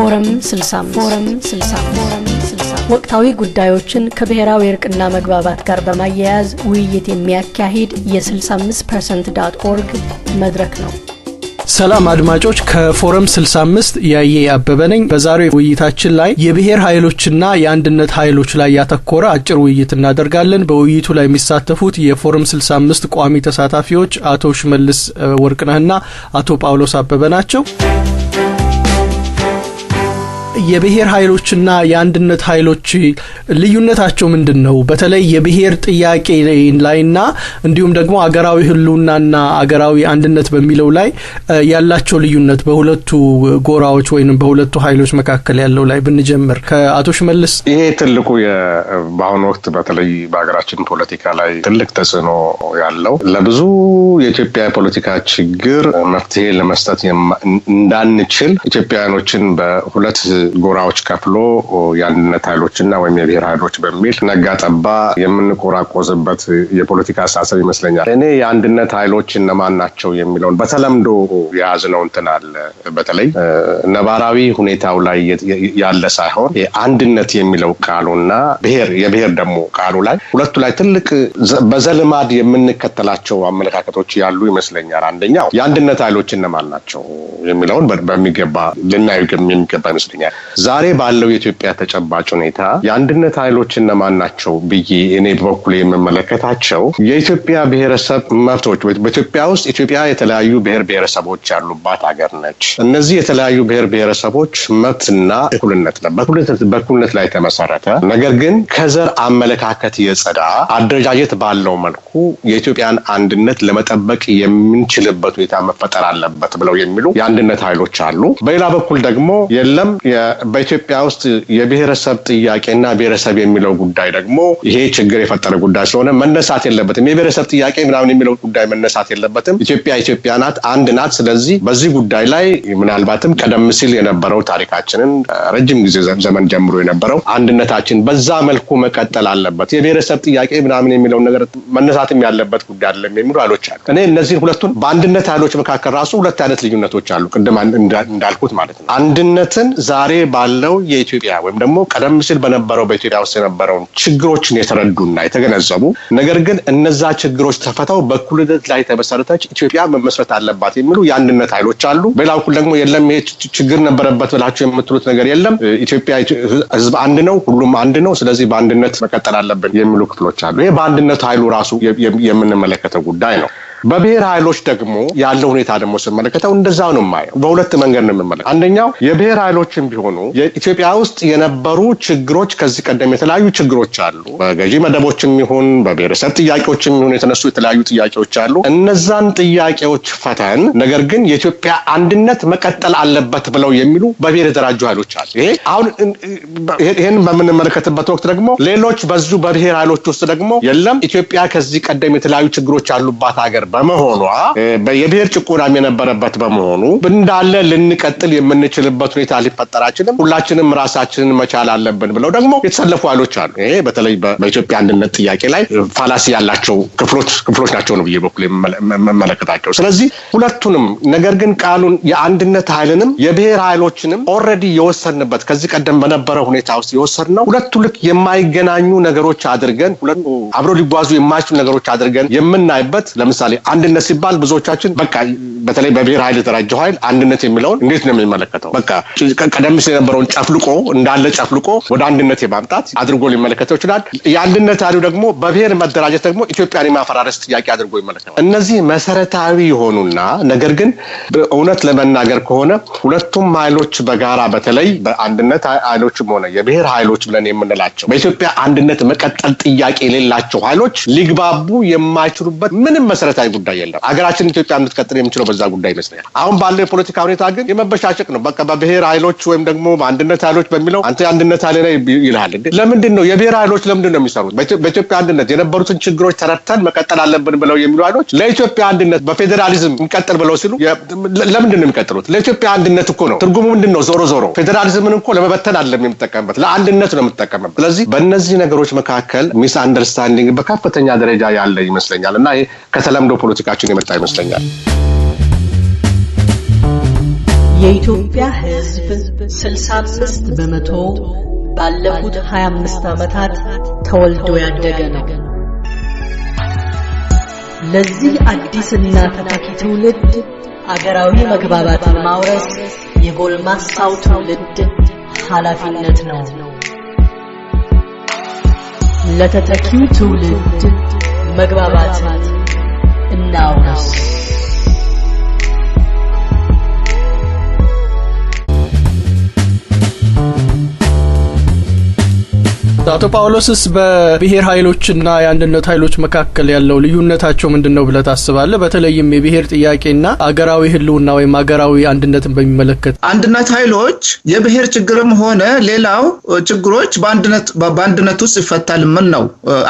ፎረም 65 ወቅታዊ ጉዳዮችን ከብሔራዊ እርቅና መግባባት ጋር በማያያዝ ውይይት የሚያካሂድ የ65 ፐርሰንት ዳት ኦርግ መድረክ ነው። ሰላም አድማጮች፣ ከፎረም 65 ያየ አበበ ነኝ። በዛሬው ውይይታችን ላይ የብሔር ኃይሎችና የአንድነት ኃይሎች ላይ ያተኮረ አጭር ውይይት እናደርጋለን። በውይይቱ ላይ የሚሳተፉት የፎረም 65 ቋሚ ተሳታፊዎች አቶ ሽመልስ ወርቅነህና አቶ ጳውሎስ አበበ ናቸው። የብሔር ኃይሎችና የአንድነት ኃይሎች ልዩነታቸው ምንድን ነው? በተለይ የብሔር ጥያቄ ላይና እንዲሁም ደግሞ አገራዊ ህልውናና አገራዊ አንድነት በሚለው ላይ ያላቸው ልዩነት በሁለቱ ጎራዎች ወይም በሁለቱ ኃይሎች መካከል ያለው ላይ ብንጀምር ከአቶ ሽመልስ። ይሄ ትልቁ በአሁኑ ወቅት በተለይ በሀገራችን ፖለቲካ ላይ ትልቅ ተጽዕኖ ያለው ለብዙ የኢትዮጵያ የፖለቲካ ችግር መፍትሄ ለመስጠት እንዳንችል ኢትዮጵያውያኖችን በሁለት ጎራዎች ከፍሎ የአንድነት ኃይሎችና ወይም የብሔር ኃይሎች በሚል ነጋ ጠባ የምንቆራቆዝበት የፖለቲካ አስተሳሰብ ይመስለኛል። እኔ የአንድነት ኃይሎች እነማን ናቸው የሚለውን በተለምዶ የያዝነው እንትን አለ። በተለይ ነባራዊ ሁኔታው ላይ ያለ ሳይሆን አንድነት የሚለው ቃሉና ብሔር የብሔር ደግሞ ቃሉ ላይ ሁለቱ ላይ ትልቅ በዘልማድ የምንከተላቸው አመለካከቶች ያሉ ይመስለኛል። አንደኛው የአንድነት ኃይሎች እነማን ናቸው የሚለውን በሚገባ ልናዩ የሚገባ ይመስለኛል። ዛሬ ባለው የኢትዮጵያ ተጨባጭ ሁኔታ የአንድነት ኃይሎች እነማን ናቸው ብዬ እኔ በኩል የምመለከታቸው የኢትዮጵያ ብሔረሰብ መብቶች በኢትዮጵያ ውስጥ ኢትዮጵያ የተለያዩ ብሔር ብሔረሰቦች ያሉባት ሀገር ነች። እነዚህ የተለያዩ ብሔር ብሔረሰቦች መብትና እኩልነት በእኩልነት ላይ የተመሰረተ ነገር ግን ከዘር አመለካከት የጸዳ አደረጃጀት ባለው መልኩ የኢትዮጵያን አንድነት ለመጠበቅ የምንችልበት ሁኔታ መፈጠር አለበት ብለው የሚሉ የአንድነት ኃይሎች አሉ። በሌላ በኩል ደግሞ የለም በኢትዮጵያ ውስጥ የብሔረሰብ ጥያቄና ብሔረሰብ የሚለው ጉዳይ ደግሞ ይሄ ችግር የፈጠረ ጉዳይ ስለሆነ መነሳት የለበትም። የብሔረሰብ ጥያቄ ምናምን የሚለው ጉዳይ መነሳት የለበትም። ኢትዮጵያ ኢትዮጵያ ናት፣ አንድ ናት። ስለዚህ በዚህ ጉዳይ ላይ ምናልባትም ቀደም ሲል የነበረው ታሪካችንን ረጅም ጊዜ ዘመን ጀምሮ የነበረው አንድነታችን በዛ መልኩ መቀጠል አለበት። የብሔረሰብ ጥያቄ ምናምን የሚለውን ነገር መነሳትም ያለበት ጉዳይ አይደለም የሚሉ ኃይሎች አሉ። እኔ እነዚህን ሁለቱን በአንድነት ኃይሎች መካከል ራሱ ሁለት አይነት ልዩነቶች አሉ። ቅድም እንዳልኩት ማለት ነው አንድነትን ዛሬ ባለው የኢትዮጵያ ወይም ደግሞ ቀደም ሲል በነበረው በኢትዮጵያ ውስጥ የነበረውን ችግሮችን የተረዱና የተገነዘቡ ነገር ግን እነዛ ችግሮች ተፈተው በኩልደት ላይ ተመሰረተች ኢትዮጵያ መመስረት አለባት የሚሉ የአንድነት ኃይሎች አሉ። በሌላ በኩል ደግሞ የለም ይ ችግር ነበረበት ብላችሁ የምትሉት ነገር የለም፣ ኢትዮጵያ ህዝብ አንድ ነው፣ ሁሉም አንድ ነው፣ ስለዚህ በአንድነት መቀጠል አለብን የሚሉ ክፍሎች አሉ። ይሄ በአንድነት ኃይሉ ራሱ የምንመለከተው ጉዳይ ነው። በብሔር ኃይሎች ደግሞ ያለ ሁኔታ ደግሞ ስመለከተው እንደዛው ነው የማየው። በሁለት መንገድ ነው የምመለከ አንደኛው የብሔር ኃይሎችም ቢሆኑ የኢትዮጵያ ውስጥ የነበሩ ችግሮች ከዚህ ቀደም የተለያዩ ችግሮች አሉ። በገዢ መደቦችም ይሁን በብሔረሰብ ጥያቄዎችም ይሁን የተነሱ የተለያዩ ጥያቄዎች አሉ። እነዛን ጥያቄዎች ፈተን ነገር ግን የኢትዮጵያ አንድነት መቀጠል አለበት ብለው የሚሉ በብሔር የተደራጁ ኃይሎች አሉ። ይሄ አሁን ይህን በምንመለከትበት ወቅት ደግሞ ሌሎች በዙ በብሔር ኃይሎች ውስጥ ደግሞ የለም ኢትዮጵያ ከዚህ ቀደም የተለያዩ ችግሮች ያሉባት ሀገር በመሆኗ የብሔር ጭቆናም የነበረበት በመሆኑ እንዳለ ልንቀጥል የምንችልበት ሁኔታ ሊፈጠር አይችልም፣ ሁላችንም ራሳችንን መቻል አለብን ብለው ደግሞ የተሰለፉ ኃይሎች አሉ። ይሄ በተለይ በኢትዮጵያ አንድነት ጥያቄ ላይ ፋላሲ ያላቸው ክፍሎች ክፍሎች ናቸው ነው ብዬ በኩል የምመለከታቸው። ስለዚህ ሁለቱንም ነገር ግን ቃሉን የአንድነት ኃይልንም የብሔር ኃይሎችንም ኦልሬዲ የወሰንበት ከዚህ ቀደም በነበረ ሁኔታ ውስጥ የወሰንነው ሁለቱ ልክ የማይገናኙ ነገሮች አድርገን ሁለቱ አብረው ሊጓዙ የማይችሉ ነገሮች አድርገን የምናይበት ለምሳሌ አንድነት ሲባል ብዙዎቻችን በቃ በተለይ በብሔር ኃይል የተደራጀው ኃይል አንድነት የሚለውን እንዴት ነው የሚመለከተው? በቃ ቀደም ሲል የነበረውን ጨፍልቆ እንዳለ ጨፍልቆ ወደ አንድነት የማምጣት አድርጎ ሊመለከተው ይችላል። የአንድነት ያሉ ደግሞ በብሔር መደራጀት ደግሞ ኢትዮጵያን የማፈራረስ ጥያቄ አድርጎ ይመለከታል። እነዚህ መሰረታዊ የሆኑና ነገር ግን እውነት ለመናገር ከሆነ ሁለቱም ኃይሎች በጋራ በተለይ በአንድነት ኃይሎችም ሆነ የብሔር ኃይሎች ብለን የምንላቸው በኢትዮጵያ አንድነት መቀጠል ጥያቄ የሌላቸው ኃይሎች ሊግባቡ የማይችሉበት ምንም መሰረታዊ ጉዳይ የለም። ሀገራችን ኢትዮጵያ ልትቀጥል የምችለው በዛ ጉዳይ ይመስለኛል። አሁን ባለው የፖለቲካ ሁኔታ ግን የመበሻሸቅ ነው። በቃ በብሔር ኃይሎች ወይም ደግሞ አንድነት ኃይሎች በሚለው አንተ አንድነት ኃይል ላይ ይልሃል። ለምንድን ነው የብሔር ኃይሎች ለምንድን ነው የሚሰሩት? በኢትዮጵያ አንድነት የነበሩትን ችግሮች ተረድተን መቀጠል አለብን ብለው የሚሉ ኃይሎች ለኢትዮጵያ አንድነት በፌዴራሊዝም እንቀጥል ብለው ሲሉ ለምንድን ነው የሚቀጥሉት? ለኢትዮጵያ አንድነት እኮ ነው ትርጉሙ ምንድን ነው? ዞሮ ዞሮ ፌዴራሊዝምን እኮ ለመበተን አይደለም የምጠቀምበት፣ ለአንድነት ነው የምጠቀምበት። ስለዚህ በእነዚህ ነገሮች መካከል ሚስ አንደርስታንዲንግ በከፍተኛ ደረጃ ያለ ይመስለኛል እና ከተለምዶ ፖለቲካችን የመጣ ይመስለኛል። የኢትዮጵያ ሕዝብ 65 በመቶ ባለፉት 25 ዓመታት ተወልዶ ያደገ ነው። ለዚህ አዲስና ተተኪ ትውልድ አገራዊ መግባባትን ማውረስ የጎልማሳው ትውልድ ኃላፊነት ነው። ለተተኪው ትውልድ መግባባት and hours. አቶ ጳውሎስስ በብሔር ኃይሎችና የአንድነት ኃይሎች መካከል ያለው ልዩነታቸው ምንድን ነው ብለህ ታስባለህ? በተለይም የብሔር ጥያቄና አገራዊ ህልውና ወይም አገራዊ አንድነትን በሚመለከት አንድነት ኃይሎች የብሔር ችግርም ሆነ ሌላው ችግሮች በአንድነት ውስጥ ይፈታል። ምን ነው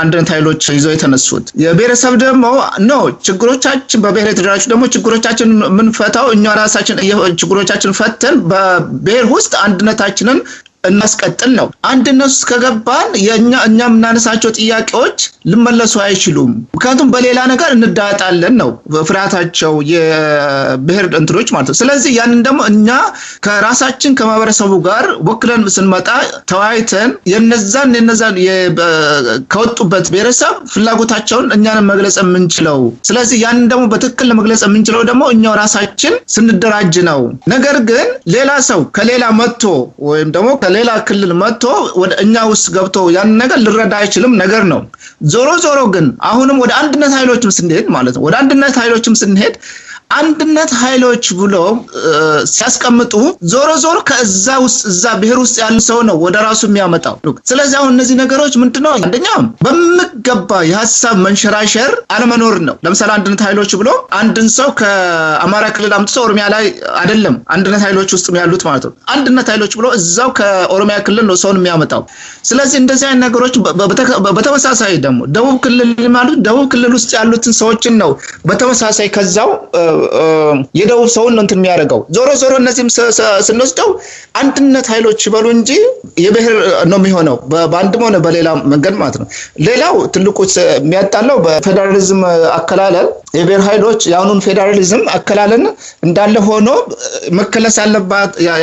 አንድነት ኃይሎች ይዘው የተነሱት የብሔረሰብ ደግሞ ኖ ችግሮቻችን በብሔር የተደራጁ ደግሞ ችግሮቻችን ምንፈታው እኛ ራሳችን ችግሮቻችን ፈተን በብሔር ውስጥ አንድነታችንን እናስቀጥል ነው። አንድነት ውስጥ ከገባን የእኛ እኛ የምናነሳቸው ጥያቄዎች ልመለሱ አይችሉም። ምክንያቱም በሌላ ነገር እንዳጣለን ነው ፍርሃታቸው የብሔር እንትኖች ማለት ነው። ስለዚህ ያንን ደግሞ እኛ ከራሳችን ከማህበረሰቡ ጋር ወክለን ስንመጣ ተወያይተን የነዛን የነዛን ከወጡበት ብሔረሰብ ፍላጎታቸውን እኛን መግለጽ የምንችለው ስለዚህ ያንን ደግሞ በትክክል መግለጽ የምንችለው ደግሞ እኛው ራሳችን ስንደራጅ ነው። ነገር ግን ሌላ ሰው ከሌላ መጥቶ ወይም ደግሞ ከሌላ ክልል መጥቶ ወደ እኛ ውስጥ ገብቶ ያን ነገር ሊረዳ አይችልም ነገር ነው። ዞሮ ዞሮ ግን አሁንም ወደ አንድነት ኃይሎችም ስንሄድ ማለት ነው ወደ አንድነት ኃይሎችም ስንሄድ አንድነት ኃይሎች ብሎ ሲያስቀምጡ ዞሮ ዞሮ ከዛ ውስጥ እዛ ብሔር ውስጥ ያሉ ሰው ነው ወደ ራሱ የሚያመጣው። ስለዚህ አሁን እነዚህ ነገሮች ምንድነው? አንደኛ በሚገባ የሀሳብ መንሸራሸር አለመኖር ነው። ለምሳሌ አንድነት ኃይሎች ብሎ አንድን ሰው ከአማራ ክልል አምጥቶ ኦሮሚያ ላይ አይደለም አንድነት ኃይሎች ውስጥ ያሉት ማለት ነው። አንድነት ኃይሎች ብሎ እዛው ከኦሮሚያ ክልል ነው ሰውን የሚያመጣው። ስለዚህ እንደዚህ አይነት ነገሮች በተመሳሳይ ደግሞ ደቡብ ክልል ማለት ደቡብ ክልል ውስጥ ያሉትን ሰዎችን ነው በተመሳሳይ ከዛው የደቡብ ሰውን ነው እንትን የሚያደርገው። ዞሮ ዞሮ እነዚህም ስንወስደው አንድነት ኃይሎች ይበሉ እንጂ የብሔር ነው የሚሆነው በአንድም ሆነ በሌላ መንገድ ማለት ነው። ሌላው ትልቁ የሚያጣለው በፌዴራሊዝም አከላለል የብሔር ኃይሎች የአሁኑን ፌዴራሊዝም አከላለን እንዳለ ሆኖ መከለስ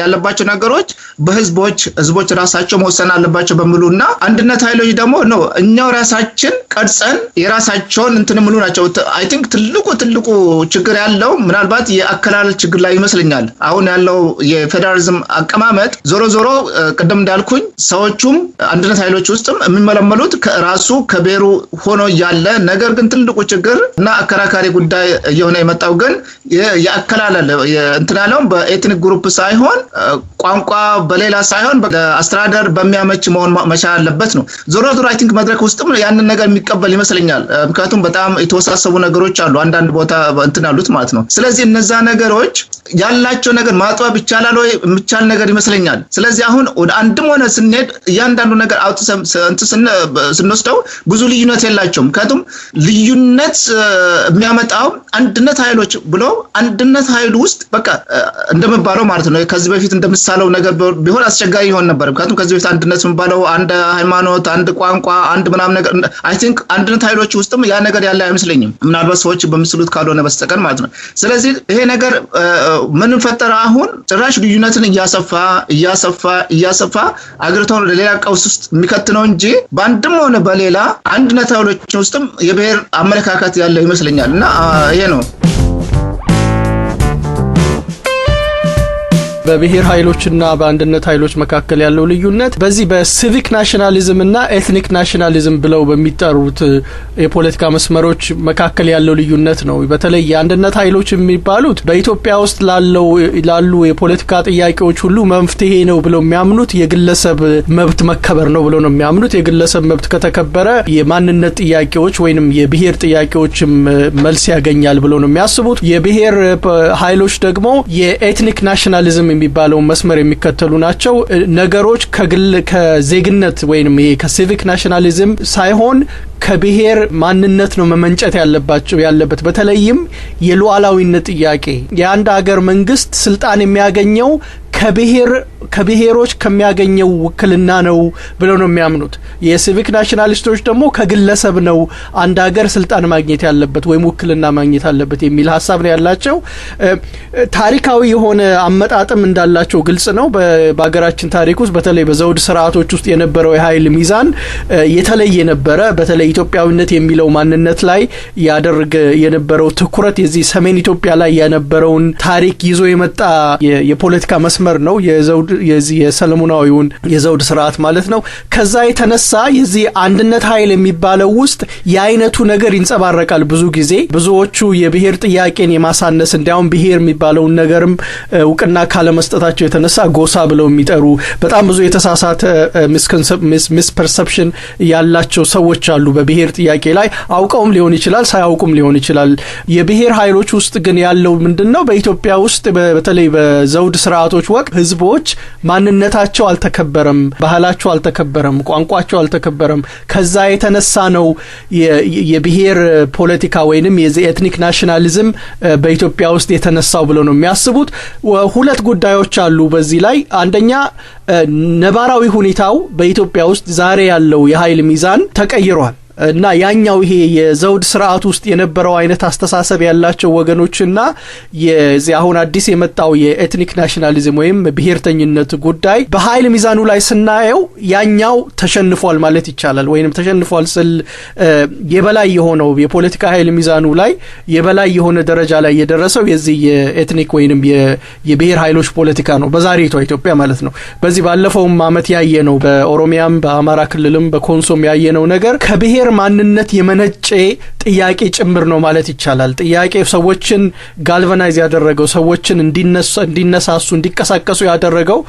ያለባቸው ነገሮች በህዝቦች ህዝቦች ራሳቸው መወሰን አለባቸው በሚሉ እና አንድነት ኃይሎች ደግሞ ነው እኛው ራሳችን ቀርጸን የራሳቸውን እንትን ምሉ ናቸው። አይ ቲንክ ትልቁ ትልቁ ችግር ያለው ምናልባት የአከላለል ችግር ላይ ይመስለኛል። አሁን ያለው የፌዴራሊዝም አቀማመጥ ዞሮ ዞሮ ቅድም እንዳልኩኝ ሰዎቹም አንድነት ኃይሎች ውስጥም የሚመለመሉት ከራሱ ከብሔሩ ሆኖ እያለ ነገር ግን ትልቁ ችግር እና አከራከ አከራካሪ ጉዳይ እየሆነ የመጣው ግን የአከላለል እንትናለውም በኤትኒክ ግሩፕ ሳይሆን ቋንቋ በሌላ ሳይሆን አስተዳደር በሚያመች መሆን መቻል አለበት ነው። ዞሮ ዞሮ አይ ቲንክ መድረክ ውስጥም ያንን ነገር የሚቀበል ይመስለኛል። ምክንያቱም በጣም የተወሳሰቡ ነገሮች አሉ፣ አንዳንድ ቦታ እንትን አሉት ማለት ነው። ስለዚህ እነዛ ነገሮች ያላቸው ነገር ማጥበብ ይቻላል ወይ የሚቻል ነገር ይመስለኛል። ስለዚህ አሁን ወደ አንድም ሆነ ስንሄድ እያንዳንዱ ነገር አውጥ ስንወስደው ብዙ ልዩነት የላቸውም። ምክንያቱም ልዩነት የሚያመጣው አንድነት ኃይሎች ብሎ አንድነት ኃይሉ ውስጥ በቃ እንደምባለው ማለት ነው። ከዚህ በፊት እንደምሳለው ነገር ቢሆን አስቸጋሪ ይሆን ነበር። ምክንያቱም ከዚህ በፊት አንድነት የምባለው አንድ ሃይማኖት፣ አንድ ቋንቋ፣ አንድ ምናምን ነገር አይ ቲንክ አንድነት ኃይሎች ውስጥም ያ ነገር ያለ አይመስለኝም፣ ምናልባት ሰዎች በምስሉት ካልሆነ በስተቀር ማለት ነው። ስለዚህ ይሄ ነገር ምን ፈጠረ? አሁን ጭራሽ ልዩነትን እያሰፋ እያሰፋ እያሰፋ አገሪቷን ወደ ሌላ ቀውስ ውስጥ የሚከት ነው እንጂ በአንድም ሆነ በሌላ አንድነት ኃይሎች ውስጥም የብሔር አመለካከት ያለ ይመስለኛል። no you know በብሔር ኃይሎችና በአንድነት ኃይሎች መካከል ያለው ልዩነት በዚህ በሲቪክ ናሽናሊዝምና ኤትኒክ ናሽናሊዝም ብለው በሚጠሩት የፖለቲካ መስመሮች መካከል ያለው ልዩነት ነው። በተለይ የአንድነት ኃይሎች የሚባሉት በኢትዮጵያ ውስጥ ላለው ላሉ የፖለቲካ ጥያቄዎች ሁሉ መፍትሄ ነው ብለው የሚያምኑት የግለሰብ መብት መከበር ነው ብለው ነው የሚያምኑት። የግለሰብ መብት ከተከበረ የማንነት ጥያቄዎች ወይንም የብሔር ጥያቄዎችም መልስ ያገኛል ብለው ነው የሚያስቡት። የብሔር ኃይሎች ደግሞ የኤትኒክ ናሽናሊዝም የሚባለውን መስመር የሚከተሉ ናቸው። ነገሮች ከግል ከዜግነት ወይም ይሄ ከሲቪክ ናሽናሊዝም ሳይሆን ከብሔር ማንነት ነው መመንጨት ያለባቸው ያለበት በተለይም የሉዓላዊነት ጥያቄ የአንድ ሀገር መንግስት ስልጣን የሚያገኘው ከብሔር ከብሔሮች ከሚያገኘው ውክልና ነው ብለው ነው የሚያምኑት። የሲቪክ ናሽናሊስቶች ደግሞ ከግለሰብ ነው አንድ ሀገር ስልጣን ማግኘት ያለበት ወይም ውክልና ማግኘት አለበት የሚል ሀሳብ ነው ያላቸው። ታሪካዊ የሆነ አመጣጥም እንዳላቸው ግልጽ ነው። በሀገራችን ታሪክ ውስጥ በተለይ በዘውድ ስርዓቶች ውስጥ የነበረው የኃይል ሚዛን የተለየ ነበረ። በተለይ ኢትዮጵያዊነት የሚለው ማንነት ላይ ያደርግ የነበረው ትኩረት የዚህ ሰሜን ኢትዮጵያ ላይ የነበረውን ታሪክ ይዞ የመጣ የፖለቲካ መስመር ነው የዘውድ የዘውድ የዚህ የሰለሞናዊውን የዘውድ ስርዓት ማለት ነው። ከዛ የተነሳ የዚህ አንድነት ኃይል የሚባለው ውስጥ የአይነቱ ነገር ይንጸባረቃል። ብዙ ጊዜ ብዙዎቹ የብሔር ጥያቄን የማሳነስ እንዲያውም ብሔር የሚባለውን ነገርም እውቅና ካለመስጠታቸው የተነሳ ጎሳ ብለው የሚጠሩ በጣም ብዙ የተሳሳተ ሚስፐርሰፕሽን ያላቸው ሰዎች አሉ። በብሔር ጥያቄ ላይ አውቀውም ሊሆን ይችላል፣ ሳያውቁም ሊሆን ይችላል። የብሔር ኃይሎች ውስጥ ግን ያለው ምንድን ነው? በኢትዮጵያ ውስጥ በተለይ በዘውድ ስርዓቶች ወቅት ህዝቦች ማንነታቸው አልተከበረም፣ ባህላቸው አልተከበረም፣ ቋንቋቸው አልተከበረም። ከዛ የተነሳ ነው የብሔር ፖለቲካ ወይንም የኤትኒክ ናሽናሊዝም በኢትዮጵያ ውስጥ የተነሳው ብለው ነው የሚያስቡት። ሁለት ጉዳዮች አሉ በዚህ ላይ አንደኛ ነባራዊ ሁኔታው በኢትዮጵያ ውስጥ ዛሬ ያለው የኃይል ሚዛን ተቀይሯል። እና ያኛው ይሄ የዘውድ ስርዓት ውስጥ የነበረው አይነት አስተሳሰብ ያላቸው ወገኖችና የዚህ አሁን አዲስ የመጣው የኤትኒክ ናሽናሊዝም ወይም ብሔርተኝነት ጉዳይ በኃይል ሚዛኑ ላይ ስናየው ያኛው ተሸንፏል ማለት ይቻላል። ወይም ተሸንፏል ስል የበላይ የሆነው የፖለቲካ ኃይል ሚዛኑ ላይ የበላይ የሆነ ደረጃ ላይ የደረሰው የዚህ የኤትኒክ ወይንም የብሔር ኃይሎች ፖለቲካ ነው፣ በዛሬቷ ኢትዮጵያ ማለት ነው። በዚህ ባለፈውም አመት ያየ ነው፣ በኦሮሚያም በአማራ ክልልም በኮንሶም ያየ ነው ነገር ከብሔር ማንነት የመነጨ ጥያቄ ጭምር ነው ማለት ይቻላል። ጥያቄ ሰዎችን ጋልቫናይዝ ያደረገው ሰዎችን እንዲነሳሱ እንዲቀሳቀሱ ያደረገው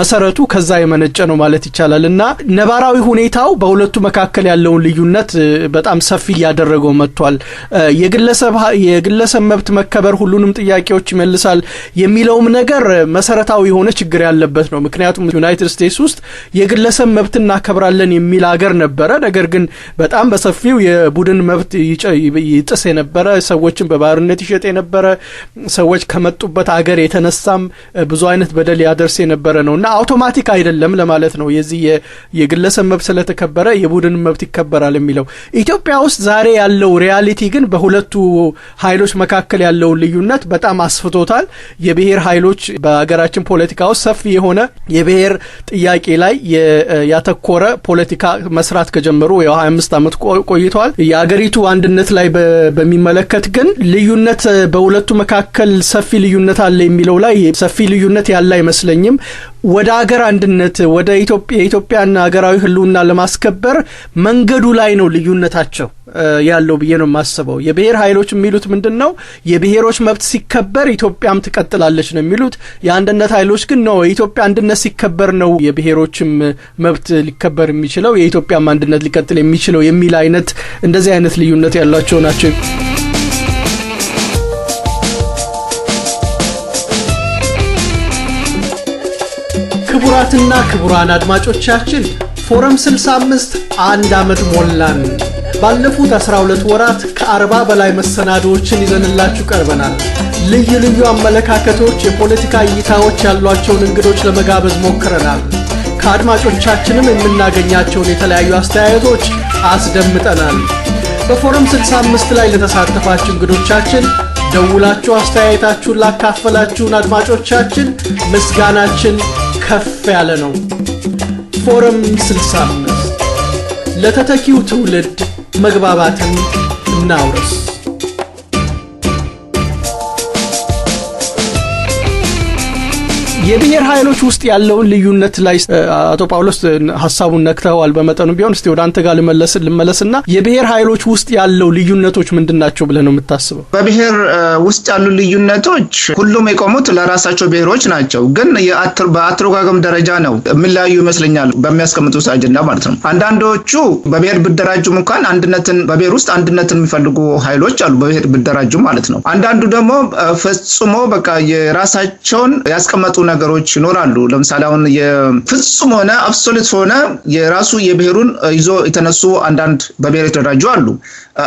መሰረቱ ከዛ የመነጨ ነው ማለት ይቻላል እና ነባራዊ ሁኔታው በሁለቱ መካከል ያለውን ልዩነት በጣም ሰፊ እያደረገው መጥቷል። የግለሰብ መብት መከበር ሁሉንም ጥያቄዎች ይመልሳል የሚለውም ነገር መሰረታዊ የሆነ ችግር ያለበት ነው። ምክንያቱም ዩናይትድ ስቴትስ ውስጥ የግለሰብ መብት እናከብራለን የሚል ሀገር ነበረ። ነገር ግን በጣም በሰፊው የቡድን መብት ይጥስ የነበረ ሰዎችን በባርነት ይሸጥ የነበረ ሰዎች ከመጡበት አገር የተነሳም ብዙ አይነት በደል ያደርስ የነበረ ነው እና አውቶማቲክ አይደለም ለማለት ነው። የዚህ የግለሰብ መብት ስለተከበረ የቡድን መብት ይከበራል የሚለው ኢትዮጵያ ውስጥ ዛሬ ያለው ሪያሊቲ ግን በሁለቱ ኃይሎች መካከል ያለውን ልዩነት በጣም አስፍቶታል። የብሔር ኃይሎች በሀገራችን ፖለቲካ ውስጥ ሰፊ የሆነ የብሔር ጥያቄ ላይ ያተኮረ ፖለቲካ መስራት ከጀመሩ የ25 ዓመት ቆይተዋል። የአገሪቱ አንድ አንድነት ላይ በሚመለከት ግን ልዩነት በሁለቱ መካከል ሰፊ ልዩነት አለ የሚለው ላይ ሰፊ ልዩነት ያለ አይመስለኝም። ወደ አገር አንድነት ወደ የኢትዮጵያን ሀገራዊ ህልውና ለማስከበር መንገዱ ላይ ነው ልዩነታቸው ያለው ብዬ ነው የማስበው። የብሔር ኃይሎች የሚሉት ምንድን ነው? የብሔሮች መብት ሲከበር ኢትዮጵያም ትቀጥላለች ነው የሚሉት። የአንድነት ኃይሎች ግን ነው የኢትዮጵያ አንድነት ሲከበር ነው የብሔሮችም መብት ሊከበር የሚችለው የኢትዮጵያም አንድነት ሊቀጥል የሚችለው የሚል አይነት እንደዚህ አይነት ልዩነት ያላቸው ናቸው። ክቡራትና ክቡራን አድማጮቻችን ፎረም 65 አንድ ዓመት ሞላን። ባለፉት 12 ወራት ከ40 በላይ መሰናዶዎችን ይዘንላችሁ ቀርበናል። ልዩ ልዩ አመለካከቶች፣ የፖለቲካ እይታዎች ያሏቸውን እንግዶች ለመጋበዝ ሞክረናል። ከአድማጮቻችንም የምናገኛቸውን የተለያዩ አስተያየቶች አስደምጠናል። በፎረም 65 ላይ ለተሳተፋችሁ እንግዶቻችን ደውላችሁ አስተያየታችሁን ላካፈላችሁን አድማጮቻችን ምስጋናችን ከፍ ያለ ነው። ፎረም 65 ለተተኪው ትውልድ መግባባትን እናውርስ የብሔር ኃይሎች ውስጥ ያለውን ልዩነት ላይ አቶ ጳውሎስ ሀሳቡን ነክተዋል በመጠኑ ቢሆን። እስቲ ወደ አንተ ጋር ልመለስ ልመለስና የብሔር ኃይሎች ውስጥ ያለው ልዩነቶች ምንድን ናቸው ብለህ ነው የምታስበው? በብሔር ውስጥ ያሉ ልዩነቶች ሁሉም የቆሙት ለራሳቸው ብሔሮች ናቸው፣ ግን በአተረጓጎም ደረጃ ነው የሚለያዩ ይመስለኛል በሚያስቀምጡ አጀንዳ ማለት ነው። አንዳንዶቹ በብሔር ብደራጁም እንኳን አንድነትን በብሔር ውስጥ አንድነትን የሚፈልጉ ኃይሎች አሉ፣ በብሔር ብደራጁ ማለት ነው። አንዳንዱ ደግሞ ፈጽሞ በቃ የራሳቸውን ያስቀመጡ ነገር ነገሮች ይኖራሉ። ለምሳሌ አሁን የፍጹም ሆነ አብሶሉት ሆነ የራሱ የብሔሩን ይዞ የተነሱ አንዳንድ በብሔር የተደራጁ አሉ።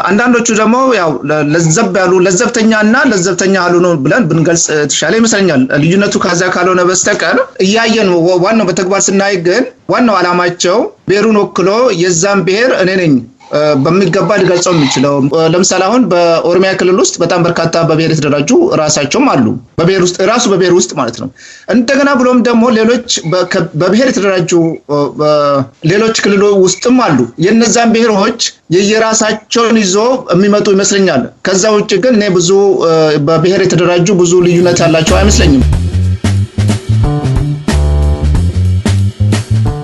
አንዳንዶቹ ደግሞ ያው ለዘብ ያሉ ለዘብተኛ እና ለዘብተኛ ያልሆኑ ብለን ብንገልጽ የተሻለ ይመስለኛል። ልዩነቱ ከዛ ካልሆነ በስተቀር እያየን ዋናው በተግባር ስናይ ግን ዋናው ዓላማቸው ብሔሩን ወክሎ የዛም ብሔር እኔ ነኝ በሚገባ ሊገልጸው የሚችለው ለምሳሌ አሁን በኦሮሚያ ክልል ውስጥ በጣም በርካታ በብሔር የተደራጁ ራሳቸውም አሉ። በብሔር ውስጥ ራሱ በብሔር ውስጥ ማለት ነው። እንደገና ብሎም ደግሞ ሌሎች በብሔር የተደራጁ ሌሎች ክልሎ ውስጥም አሉ። የነዛን ብሔሮች የየራሳቸውን ይዞ የሚመጡ ይመስለኛል። ከዛ ውጭ ግን እኔ ብዙ በብሔር የተደራጁ ብዙ ልዩነት ያላቸው አይመስለኝም።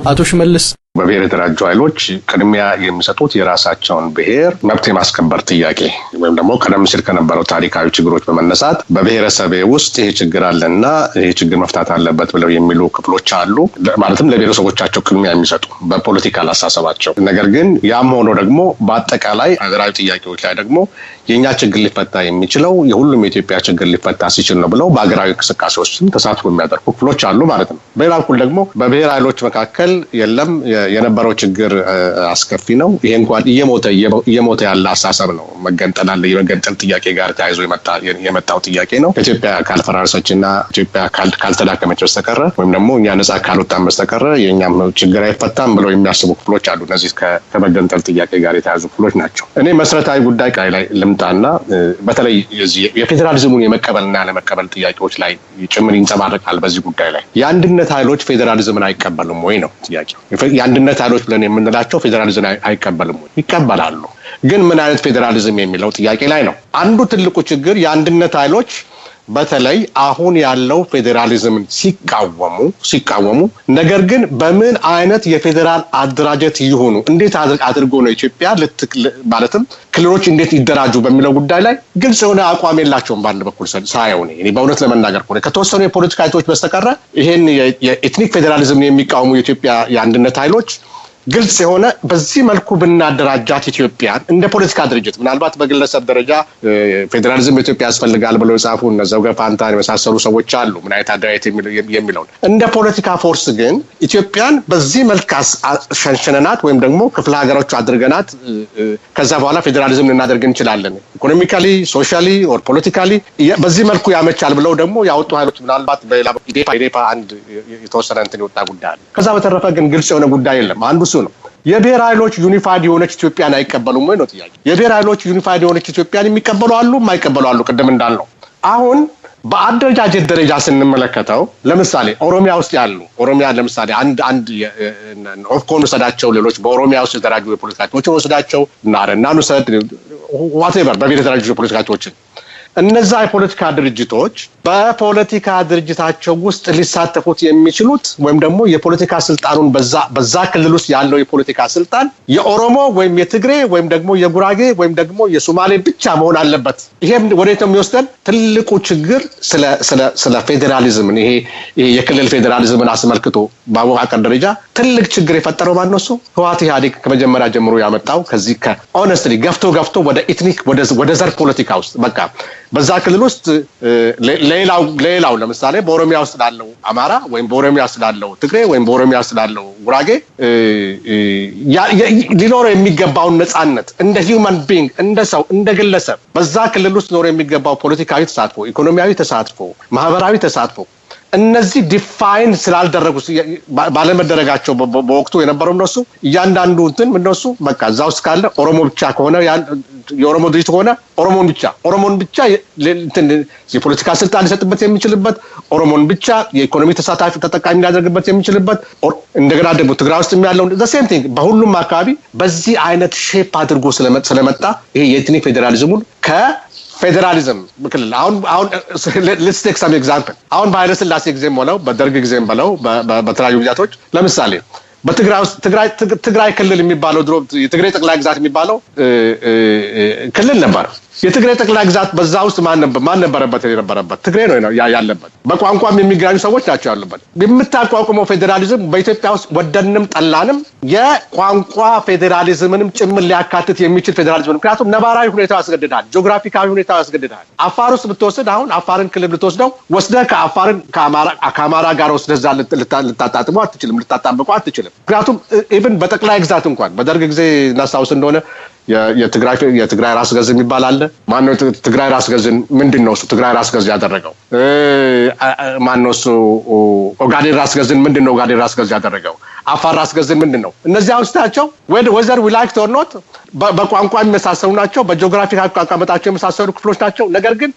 አቶ ሽመልስ በብሔር የተደራጁ ኃይሎች ቅድሚያ የሚሰጡት የራሳቸውን ብሔር መብት የማስከበር ጥያቄ ወይም ደግሞ ቀደም ሲል ከነበረው ታሪካዊ ችግሮች በመነሳት በብሔረሰብ ውስጥ ይሄ ችግር አለና ይሄ ችግር መፍታት አለበት ብለው የሚሉ ክፍሎች አሉ። ማለትም ለብሔረሰቦቻቸው ቅድሚያ የሚሰጡ በፖለቲካ ላሳሰባቸው። ነገር ግን ያም ሆኖ ደግሞ በአጠቃላይ ሀገራዊ ጥያቄዎች ላይ ደግሞ የእኛ ችግር ሊፈታ የሚችለው የሁሉም የኢትዮጵያ ችግር ሊፈታ ሲችል ነው ብለው በሀገራዊ እንቅስቃሴዎችም ተሳትፎ የሚያደርጉ ክፍሎች አሉ ማለት ነው። በሌላ በኩል ደግሞ በብሔር ኃይሎች መካከል የለም የነበረው ችግር አስከፊ ነው፣ ይሄ እንኳን እየሞተ ያለ አሳሰብ ነው። መገንጠል አለ የመገንጠል ጥያቄ ጋር ተያይዞ የመጣው ጥያቄ ነው። ኢትዮጵያ ካልፈራረሰች እና ኢትዮጵያ ካልተዳከመች በስተቀረ ወይም ደግሞ እኛ ነጻ ካልወጣን በስተቀረ የእኛም ችግር አይፈታም ብለው የሚያስቡ ክፍሎች አሉ። እነዚህ ከመገንጠል ጥያቄ ጋር የተያዙ ክፍሎች ናቸው። እኔ መሰረታዊ ጉዳይ ላይ ልምጣና በተለይ የፌዴራሊዝሙን የመቀበልና ለመቀበል ጥያቄዎች ላይ ጭምር ይንጸባርቃል። በዚህ ጉዳይ ላይ የአንድነት ኃይሎች ፌዴራሊዝምን አይቀበልም ወይ ነው ጥያቄው። የአንድነት ኃይሎች ብለን የምንላቸው ፌዴራሊዝም አይቀበልም ወይ? ይቀበላሉ። ግን ምን አይነት ፌዴራሊዝም የሚለው ጥያቄ ላይ ነው። አንዱ ትልቁ ችግር የአንድነት ኃይሎች በተለይ አሁን ያለው ፌዴራሊዝምን ሲቃወሙ ሲቃወሙ ነገር ግን በምን አይነት የፌዴራል አደራጀት ይሆኑ እንዴት አድርጎ ነው ኢትዮጵያ ማለትም ክልሎች እንዴት ይደራጁ በሚለው ጉዳይ ላይ ግልጽ የሆነ አቋም የላቸውም። በአንድ በኩል ሳየው እኔ በእውነት ለመናገር ከሆነ ከተወሰኑ የፖለቲካ ኃይሎች በስተቀረ ይሄን የኤትኒክ ፌዴራሊዝምን የሚቃወሙ የኢትዮጵያ የአንድነት ኃይሎች ግልጽ የሆነ በዚህ መልኩ ብናደራጃት ኢትዮጵያን እንደ ፖለቲካ ድርጅት ምናልባት በግለሰብ ደረጃ ፌዴራሊዝም በኢትዮጵያ ያስፈልጋል ብለው የጻፉ እነ ዘውገ የመሳሰሉ ሰዎች አሉ። ምን አይነት አደራየት የሚለውን እንደ ፖለቲካ ፎርስ ግን ኢትዮጵያን በዚህ መልክ ሸንሽነናት ወይም ደግሞ ክፍለ ሀገሮች አድርገናት ከዛ በኋላ ፌዴራሊዝም ልናደርግ እንችላለን ኢኮኖሚካሊ፣ ሶሻሊ ኦር ፖለቲካሊ በዚህ መልኩ ያመቻል ብለው ደግሞ ያወጡ ኃይሎች ምናልባት በሌላ ኢዴፓ አንድ የተወሰነ እንትን የወጣ ጉዳይ አለ። ከዛ በተረፈ ግን ግልጽ የሆነ ጉዳይ የለም አንዱ ነው። የብሔር ኃይሎች ዩኒፋይድ የሆነች ኢትዮጵያን አይቀበሉም ወይ ነው ጥያቄ። የብሔር ኃይሎች ዩኒፋይድ የሆነች ኢትዮጵያን የሚቀበሉ አሉ፣ የማይቀበሉ አሉ። ቅድም እንዳልነው አሁን በአደረጃጀት ደረጃ ስንመለከተው ለምሳሌ ኦሮሚያ ውስጥ ያሉ ኦሮሚያ ለምሳሌ አንድ አንድ ኦፍኮን ውሰዳቸው፣ ሌሎች በኦሮሚያ ውስጥ የተደራጁ የፖለቲካ ፓርቲዎችን ወሰዳቸው፣ ናረናን ውሰድ፣ ዋቴቨር በብሔር የተደራጁ የፖለቲካ ፓርቲዎችን እነዛ የፖለቲካ ድርጅቶች በፖለቲካ ድርጅታቸው ውስጥ ሊሳተፉት የሚችሉት ወይም ደግሞ የፖለቲካ ስልጣኑን በዛ ክልል ውስጥ ያለው የፖለቲካ ስልጣን የኦሮሞ ወይም የትግሬ ወይም ደግሞ የጉራጌ ወይም ደግሞ የሶማሌ ብቻ መሆን አለበት። ይሄም ወዴት ነው የሚወስደን? ትልቁ ችግር ስለ ፌዴራሊዝምን ይሄ የክልል ፌዴራሊዝምን አስመልክቶ በአወቃቀር ደረጃ ትልቅ ችግር የፈጠረው ማነው? እሱ ህወሓት ኢህአዴግ ከመጀመሪያ ጀምሮ ያመጣው ከዚህ ከኦነስትሊ ገፍቶ ገፍቶ ወደ ኢትኒክ ወደ ዘር ፖለቲካ ውስጥ በቃ በዛ ክልል ውስጥ ሌላው ለምሳሌ በኦሮሚያ ውስጥ ላለው አማራ ወይም በኦሮሚያ ውስጥ ላለው ትግሬ ወይም በኦሮሚያ ውስጥ ላለው ጉራጌ ሊኖረው የሚገባውን ነፃነት እንደ ሂውማን ቢንግ እንደ ሰው እንደ ግለሰብ በዛ ክልል ውስጥ ሊኖረው የሚገባው ፖለቲካዊ ተሳትፎ፣ ኢኮኖሚያዊ ተሳትፎ፣ ማህበራዊ ተሳትፎ እነዚህ ዲፋይን ስላልደረጉ ባለመደረጋቸው በወቅቱ የነበረው እነሱ እያንዳንዱ እንትን እነሱ በቃ እዛ ውስጥ ካለ ኦሮሞ ብቻ ከሆነ የኦሮሞ ድርጅት ከሆነ ኦሮሞን ብቻ ኦሮሞን ብቻ የፖለቲካ ስልጣን ሊሰጥበት የሚችልበት ኦሮሞን ብቻ የኢኮኖሚ ተሳታፊ ተጠቃሚ ሊያደርግበት የሚችልበት እንደገና ደግሞ ትግራይ ውስጥ የሚያለው ዘሴም ቲንግ በሁሉም አካባቢ በዚህ አይነት ሼፕ አድርጎ ስለመጣ ይሄ የኤትኒክ ፌዴራሊዝሙን ከ ፌዴራሊዝም ምክልል አሁን አሁን ሌትስ ሳም ኤግዛምፕል አሁን በኃይለስላሴ ጊዜም ሆነው በደርግ ጊዜም በለው በተለያዩ ጊዜያቶች ለምሳሌ በትግራይ ክልል የሚባለው ድሮ የትግራይ ጠቅላይ ግዛት የሚባለው ክልል ነበር። የትግራይ ጠቅላይ ግዛት በዛ ውስጥ ማን ነበረበት? የነበረበት ትግራይ ነው ያለበት። በቋንቋም የሚገናኙ ሰዎች ናቸው ያሉበት። የምታቋቁመው ፌዴራሊዝም በኢትዮጵያ ውስጥ ወደንም ጠላንም የቋንቋ ፌዴራሊዝምንም ጭምር ሊያካትት የሚችል ፌዴራሊዝም፣ ምክንያቱም ነባራዊ ሁኔታው ያስገድዳል፣ ጂኦግራፊካዊ ሁኔታው ያስገድዳል። አፋር ውስጥ ብትወስድ አሁን አፋርን ክልል ብትወስደው ወስደህ ከአፋርን ከአማራ ጋር ወስደህ እዛ ልታጣጥመው አትችልም፣ ልታጣብቀው አትችልም። ምክንያቱም ኢቭን በጠቅላይ ግዛት እንኳን በደርግ ጊዜ እናስታውስ እንደሆነ የትግራይ ራስ ገዝ የሚባል አለ። ማነው ትግራይ ራስ ገዝን ምንድን ነው እሱ ትግራይ ራስ ገዝ ያደረገው? ማነው እሱ ኦጋዴን ራስ ገዝን ምንድን ነው ኦጋዴን ራስ ገዝ ያደረገው? አፋር አስገዝን ምንድን ነው እነዚህ አሁን ስታያቸው ወዘር ዊላይክት ኦር በቋንቋ የሚመሳሰሉ ናቸው፣ በጂኦግራፊክ አቀመጣቸው የመሳሰሉ ክፍሎች ናቸው። ነገር ግን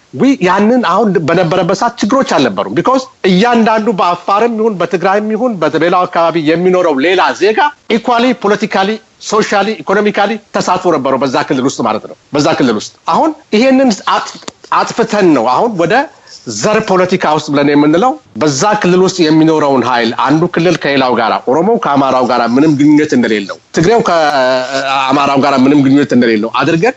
ያንን አሁን በነበረበት ሰዓት ችግሮች አልነበሩም። ቢኮዝ እያንዳንዱ በአፋርም ይሁን በትግራይም ይሁን በሌላው አካባቢ የሚኖረው ሌላ ዜጋ ኢኳሊ ፖለቲካሊ ሶሻሊ ኢኮኖሚካሊ ተሳትፎ ነበረው በዛ ክልል ውስጥ ማለት ነው። በዛ ክልል ውስጥ አሁን ይሄንን አጥፍተን ነው አሁን ወደ ዘር ፖለቲካ ውስጥ ብለን የምንለው በዛ ክልል ውስጥ የሚኖረውን ኃይል አንዱ ክልል ከሌላው ጋር ኦሮሞው ከአማራው ጋር ምንም ግንኙነት እንደሌለው፣ ትግሬው ከአማራው ጋር ምንም ግንኙነት እንደሌለው አድርገን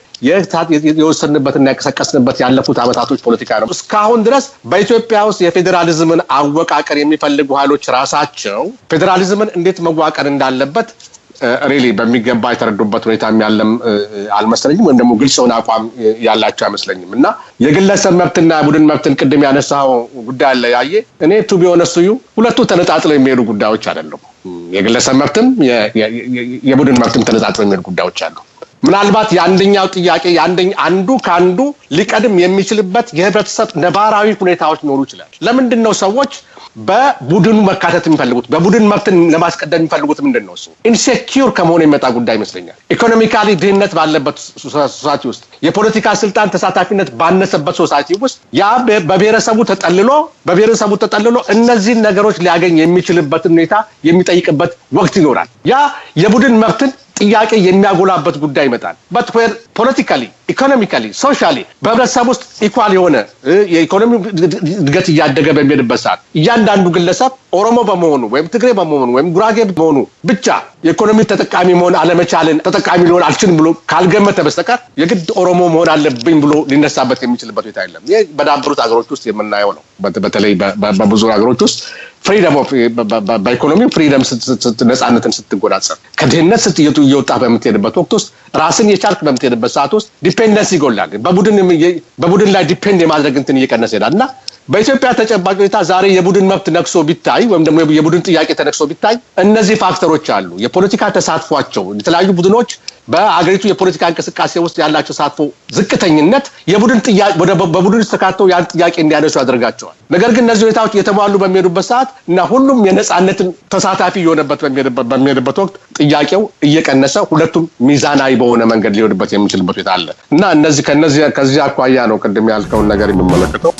የወሰንበትና የቀሰቀስንበት ያለፉት ዓመታቶች ፖለቲካ ነው። እስካሁን ድረስ በኢትዮጵያ ውስጥ የፌዴራሊዝምን አወቃቀር የሚፈልጉ ኃይሎች ራሳቸው ፌዴራሊዝምን እንዴት መዋቀር እንዳለበት ሪሊ uh, በሚገባ የተረዱበት ሁኔታ ያለም uh, አልመሰለኝም፣ ወይም ደግሞ ግልጽ የሆነ አቋም ያላቸው አይመስለኝም። እና የግለሰብ መብትና የቡድን መብትን ቅድም ያነሳው ጉዳይ አለ ያየ እኔ ቱ ቢሆን ሁለቱ ተነጣጥለው የሚሄዱ ጉዳዮች አይደለም። የግለሰብ መብትም የቡድን መብትም ተነጣጥለው የሚሄዱ ጉዳዮች አሉ። ምናልባት የአንደኛው ጥያቄ አንዱ ከአንዱ ሊቀድም የሚችልበት የህብረተሰብ ነባራዊ ሁኔታዎች ሊኖሩ ይችላል። ለምንድን ነው ሰዎች በቡድኑ መካተት የሚፈልጉት? በቡድን መብትን ለማስቀደም የሚፈልጉት ምንድን ነው? እሱ ኢንሴኪር ከመሆኑ የሚመጣ ጉዳይ ይመስለኛል። ኢኮኖሚካሊ ድህነት ባለበት ሶሳይቲ ውስጥ፣ የፖለቲካ ስልጣን ተሳታፊነት ባነሰበት ሶሳይቲ ውስጥ ያ በብሔረሰቡ ተጠልሎ በብሔረሰቡ ተጠልሎ እነዚህን ነገሮች ሊያገኝ የሚችልበትን ሁኔታ የሚጠይቅበት ወቅት ይኖራል። ያ የቡድን መብትን ጥያቄ የሚያጎላበት ጉዳይ ይመጣል። በት ዌር ፖለቲካሊ፣ ኢኮኖሚካሊ፣ ሶሻሊ በህብረተሰብ ውስጥ ኢኳል የሆነ የኢኮኖሚ እድገት እያደገ በሚሄድበት ሰዓት እያንዳንዱ ግለሰብ ኦሮሞ በመሆኑ ወይም ትግሬ በመሆኑ ወይም ጉራጌ በመሆኑ ብቻ የኢኮኖሚ ተጠቃሚ መሆን አለመቻልን ተጠቃሚ ሊሆን አልችልም ብሎ ካልገመተ በስተቀር የግድ ኦሮሞ መሆን አለብኝ ብሎ ሊነሳበት የሚችልበት ሁኔታ የለም። ይህ በዳበሩት ሀገሮች ውስጥ የምናየው ነው። በተለይ በብዙ ሀገሮች ውስጥ ፍሪደም ኦፍ ፍሪደም ነፃነትን ስትጎናጸፍ ከድህነት ስትየጡ እየወጣ በምትሄድበት ወቅት ውስጥ ራስን የቻልክ በምትሄድበት ሰዓት ውስጥ ዲፔንደንስ ይጎላል። በቡድን ላይ ዲፔንድ የማድረግ እንትን እየቀነሰ ሄዳል እና በኢትዮጵያ ተጨባጭ ሁኔታ ዛሬ የቡድን መብት ነክሶ ቢታይ ወይም ደግሞ የቡድን ጥያቄ ተነክሶ ቢታይ እነዚህ ፋክተሮች አሉ። የፖለቲካ ተሳትፏቸው የተለያዩ ቡድኖች በአገሪቱ የፖለቲካ እንቅስቃሴ ውስጥ ያላቸው ተሳትፎ ዝቅተኝነት የቡድን በቡድን ውስጥ ተካተው ያን ጥያቄ እንዲያነሱ ያደርጋቸዋል። ነገር ግን እነዚህ ሁኔታዎች የተሟሉ በሚሄዱበት ሰዓት እና ሁሉም የነፃነትን ተሳታፊ የሆነበት በሚሄድበት ወቅት ጥያቄው እየቀነሰ ሁለቱም ሚዛናዊ በሆነ መንገድ ሊሆንበት የሚችልበት ሁኔታ አለ እና እነዚህ ከነዚህ ከዚህ አኳያ ነው ቅድም ያልከውን ነገር የሚመለከተው።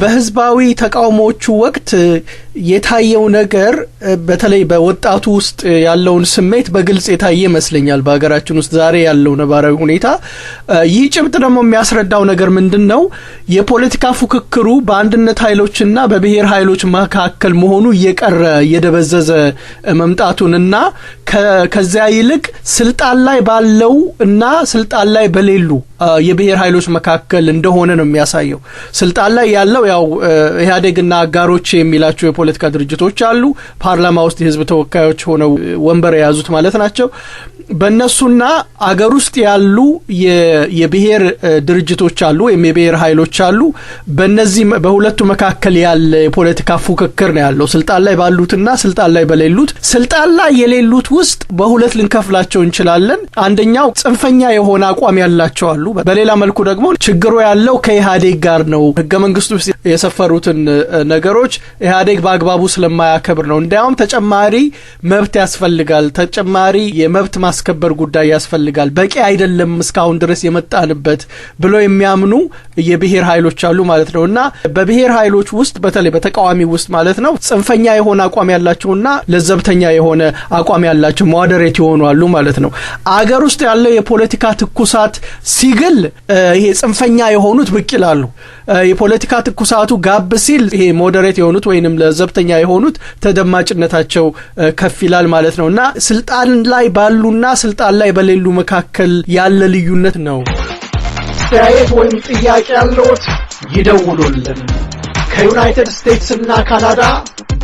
በህዝባዊ ተቃውሞዎቹ ወቅት የታየው ነገር በተለይ በወጣቱ ውስጥ ያለውን ስሜት በግልጽ የታየ ይመስለኛል። በሀገራችን ውስጥ ዛሬ ያለው ነባራዊ ሁኔታ ይህ ጭብጥ ደግሞ የሚያስረዳው ነገር ምንድን ነው? የፖለቲካ ፉክክሩ በአንድነት ኃይሎችና በብሔር ኃይሎች መካከል መሆኑ እየቀረ እየደበዘዘ መምጣቱንና ከዚያ ይልቅ ስልጣን ላይ ባለው እና ስልጣን ላይ በሌሉ የብሔር ኃይሎች መካከል እንደሆነ ነው የሚያሳየው። ስልጣን ላይ ያለው ያው ኢህአዴግና አጋሮች የሚላቸው የፖለቲካ ድርጅቶች አሉ። ፓርላማ ውስጥ የህዝብ ተወካዮች ሆነው ወንበር የያዙት ማለት ናቸው። በእነሱና አገር ውስጥ ያሉ የብሔር ድርጅቶች አሉ ወይም የብሔር ኃይሎች አሉ። በነዚህ በሁለቱ መካከል ያለ የፖለቲካ ፉክክር ነው ያለው ስልጣን ላይ ባሉትና ስልጣን ላይ በሌሉት። ስልጣን ላይ የሌሉት ውስጥ በሁለት ልንከፍላቸው እንችላለን። አንደኛው ጽንፈኛ የሆነ አቋም ያላቸው አሉ። በሌላ መልኩ ደግሞ ችግሩ ያለው ከኢህአዴግ ጋር ነው። ህገ መንግስቱ የሰፈሩትን ነገሮች ኢህአዴግ በአግባቡ ስለማያከብር ነው። እንዲያውም ተጨማሪ መብት ያስፈልጋል ተጨማሪ የመብት ማስ የማስከበር ጉዳይ ያስፈልጋል፣ በቂ አይደለም እስካሁን ድረስ የመጣንበት ብለው የሚያምኑ የብሔር ኃይሎች አሉ ማለት ነው እና በብሔር ኃይሎች ውስጥ በተለይ በተቃዋሚ ውስጥ ማለት ነው ጽንፈኛ የሆነ አቋም ያላቸውና ለዘብተኛ የሆነ አቋም ያላቸው ሞዴሬት የሆኑ አሉ ማለት ነው። አገር ውስጥ ያለው የፖለቲካ ትኩሳት ሲግል ይሄ ጽንፈኛ የሆኑት ብቅ ይላሉ። የፖለቲካ ትኩሳቱ ጋብ ሲል ይሄ ሞደሬት የሆኑት ወይንም ለዘብተኛ የሆኑት ተደማጭነታቸው ከፍ ይላል ማለት ነው እና ስልጣን ላይ ባሉና ስልጣን ላይ በሌሉ መካከል ያለ ልዩነት ነው። አስተያየት ወይም ጥያቄ ያለዎት ይደውሉልን። ከዩናይትድ ስቴትስ እና ካናዳ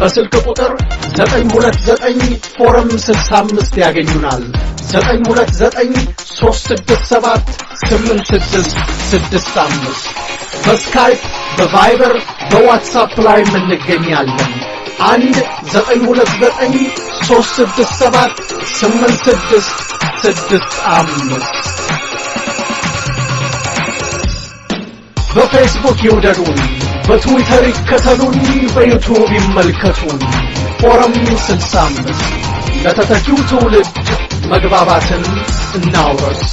በስልክ ቁጥር 929 ፎረም 65 ያገኙናል። 929 367 8665 በስካይፕ በቫይበር በዋትሳፕ ላይ እንገኛለን። አንድ ዘጠኝ ሁለት ዘጠኝ ሶስት ስድስት ሰባት ስምንት ስድስት ስድስት አምስት በፌስቡክ ይውደዱን፣ በትዊተር ይከተሉን፣ በዩቱብ ይመልከቱን። ፎረም ስልሳ አምስት ለተተኪው ትውልድ መግባባትን እናውረስ።